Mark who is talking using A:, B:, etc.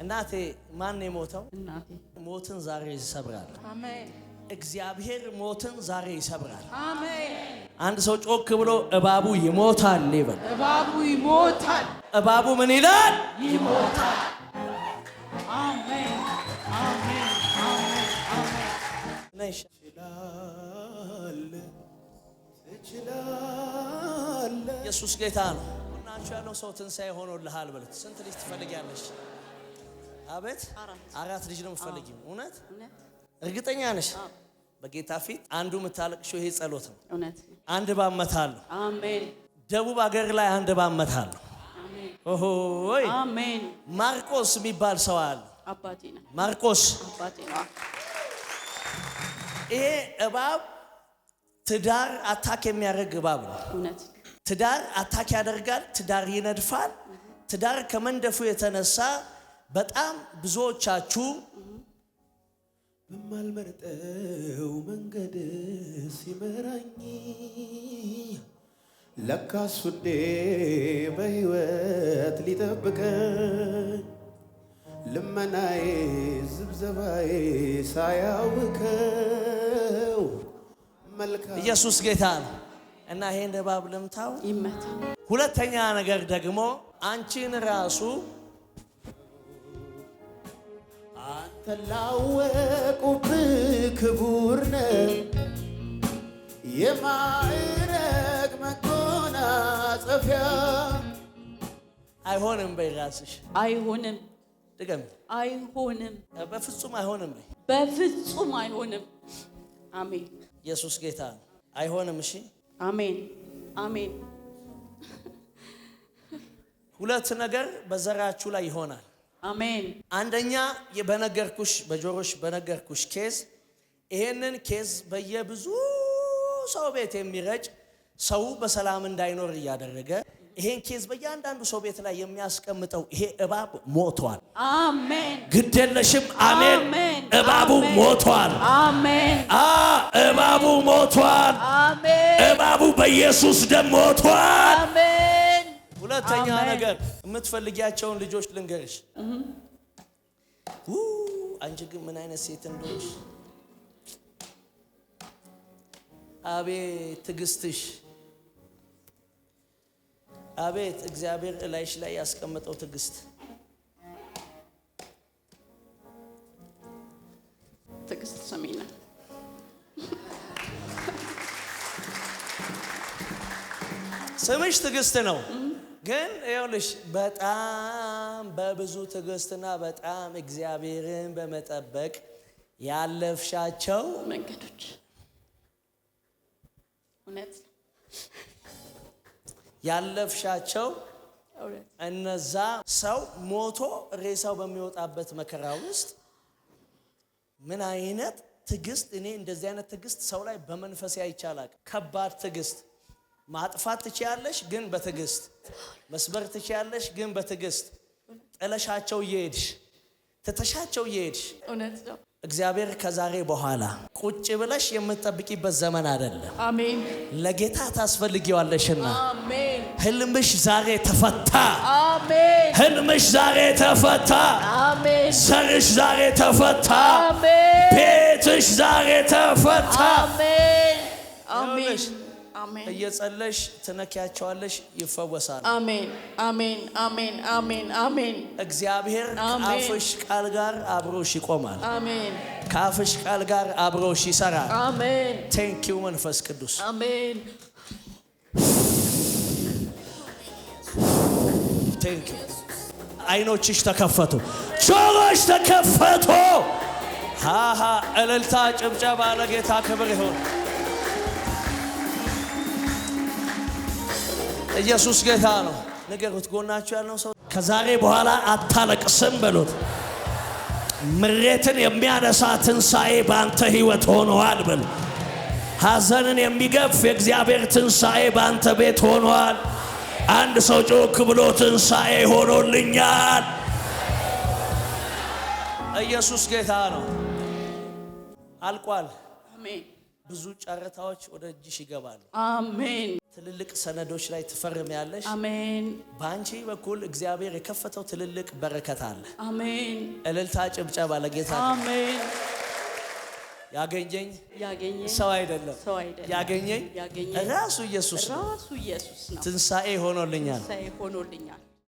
A: እናቴ ማን የሞተው? ሞትን ዛሬ ይሰብራል። እግዚአብሔር ሞትን ዛሬ ይሰብራል። አንድ ሰው ጮክ ብሎ እባቡ ይሞታል ይበል።
B: እባቡ ይሞታል።
A: እባቡ ምን ይላል?
B: ይሞታል።
A: ኢየሱስ ጌታ ነው። ሁናችሁ ያለው ሰው ትንሣኤ ሆኖልሃል በሉት። ስንት ልጅ ትፈልጊያለሽ? አቤት አራት ልጅ ነው የምትፈልጊው? እውነት እርግጠኛ ነሽ? በጌታ ፊት አንዱ የምታለቅሽው ይሄ ጸሎት ነው። አንድ ባመታለሁ። አሜን። ደቡብ አገር ላይ አንድ ባመታለሁ። ማርቆስ የሚባል ሰው አለ። ማርቆስ ይሄ እባብ ትዳር አታክ የሚያደርግ እባብ ነው። ትዳር አታክ ያደርጋል። ትዳር ይነድፋል። ትዳር ከመንደፉ የተነሳ በጣም ብዙዎቻችሁ በማልመርጠው መንገድ ሲመራኝ ለካስ ውዴ በሕይወት ሊጠብቀኝ ልመናዬ ዝብዘባዬ ሳያውከኝ ኢየሱስ ጌታ ነው እና ይሄን እባብ ልምታው ይመታ። ሁለተኛ ነገር ደግሞ አንቺን ራሱ አንተ ላወቁብህ ክቡር ነህ የማዕረግ መጎናጸፊያ አይሆንም በይ ራስሽ አይሆንም ድገም
B: አይሆንም
A: በፍጹም አይሆንም በይ
B: በፍጹም አይሆንም አሜን
A: ኢየሱስ ጌታ አይሆንም። እሺ፣
B: አሜን፣ አሜን።
A: ሁለት ነገር በዘራችሁ ላይ ይሆናል። አሜን። አንደኛ በነገርኩሽ በጆሮሽ በነገርኩሽ ኬዝ ይሄንን ኬዝ በየብዙ ሰው ቤት የሚረጭ ሰው በሰላም እንዳይኖር እያደረገ ይሄን ኬዝ በእያንዳንዱ ሰው ቤት ላይ የሚያስቀምጠው ይሄ እባብ ሞቷል። አሜን። ግድ የለሽም። አሜን። እባቡ ሞቷል። አሜን። እባቡ ሞቷል። እባቡ በኢየሱስ ደም ሞቷል። ሁለተኛ ነገር የምትፈልጊያቸውን ልጆች ልንገርሽ። አንቺ ግን ምን አይነት ሴት እንደሆንሽ አቤት ትዕግስትሽ፣ አቤት እግዚአብሔር እላይሽ ላይ ያስቀመጠው ትዕግስት ስምሽ ትዕግስት ነው። ግን ይኸውልሽ በጣም በብዙ ትዕግስትና በጣም እግዚአብሔርን በመጠበቅ ያለፍሻቸው
B: መንገዶች እውነት
A: ያለፍሻቸው እነዛ ሰው ሞቶ ሬሳው በሚወጣበት መከራ ውስጥ ምን አይነት ትዕግስት እኔ እንደዚህ አይነት ትዕግስት ሰው ላይ በመንፈሴ አይቻላል። ከባድ ትዕግስት ማጥፋት ትችያለሽ፣ ግን በትዕግስት መስበር ትችያለሽ፣ ግን በትዕግስት ጥለሻቸው እየሄድሽ ትተሻቸው እየሄድሽ እግዚአብሔር ከዛሬ በኋላ ቁጭ ብለሽ የምትጠብቂበት ዘመን አይደለም። አሜን። ለጌታ ታስፈልጊዋለሽና ህልምሽ ዛሬ ተፈታ።
B: አሜን።
A: ህልምሽ ዛሬ ተፈታ። አሜን። ሰርሽ ዛሬ ተፈታ።
B: አሜን።
A: ቤትሽ ዛሬ ተፈታ።
B: አሜን። አሜን።
A: እየጸለሽ ትነኪያቸዋለሽ፣ ይፈወሳል።
B: አሜን፣ አሜን፣ አሜን፣ አሜን፣ አሜን።
A: እግዚአብሔር ከአፍሽ ቃል ጋር አብሮሽ ይቆማል። አሜን። ከአፍሽ ቃል ጋር አብሮሽ ይሰራል። አሜን። ቴንኪው መንፈስ ቅዱስ አሜን። ቴንኪው። አይኖችሽ ተከፈቱ፣ ጆሮሽ ተከፈቱ። ሃሃ እልልታ፣ ጭብጨባ ለጌታ ክብር ይሆን። ኢየሱስ ጌታ ነው። ንገሩት፣ ጎናችሁ ያለው ሰው ከዛሬ በኋላ አታለቅስም በሉት። ምሬትን የሚያነሳ ትንሣኤ በአንተ ሕይወት ሆነዋል በሉ። ሐዘንን የሚገፍ የእግዚአብሔር ትንሣኤ በአንተ ቤት ሆነዋል። አንድ ሰው ጮክ ብሎ ትንሣኤ ሆኖልኛል። ኢየሱስ ጌታ ነው። አልቋል። አሜን። ብዙ ጨረታዎች ወደ እጅሽ ይገባሉ።
B: አሜን።
A: ትልልቅ ሰነዶች ላይ ትፈርም ያለሽ። አሜን። በአንቺ በኩል እግዚአብሔር የከፈተው ትልልቅ በረከት አለ። አሜን። እልልታ ጭብጨባ ለጌታ። አሜን። ያገኘኝ ሰው አይደለም፣ ያገኘኝ ራሱ ኢየሱስ ነው። ትንሣኤ
B: ሆኖልኛል።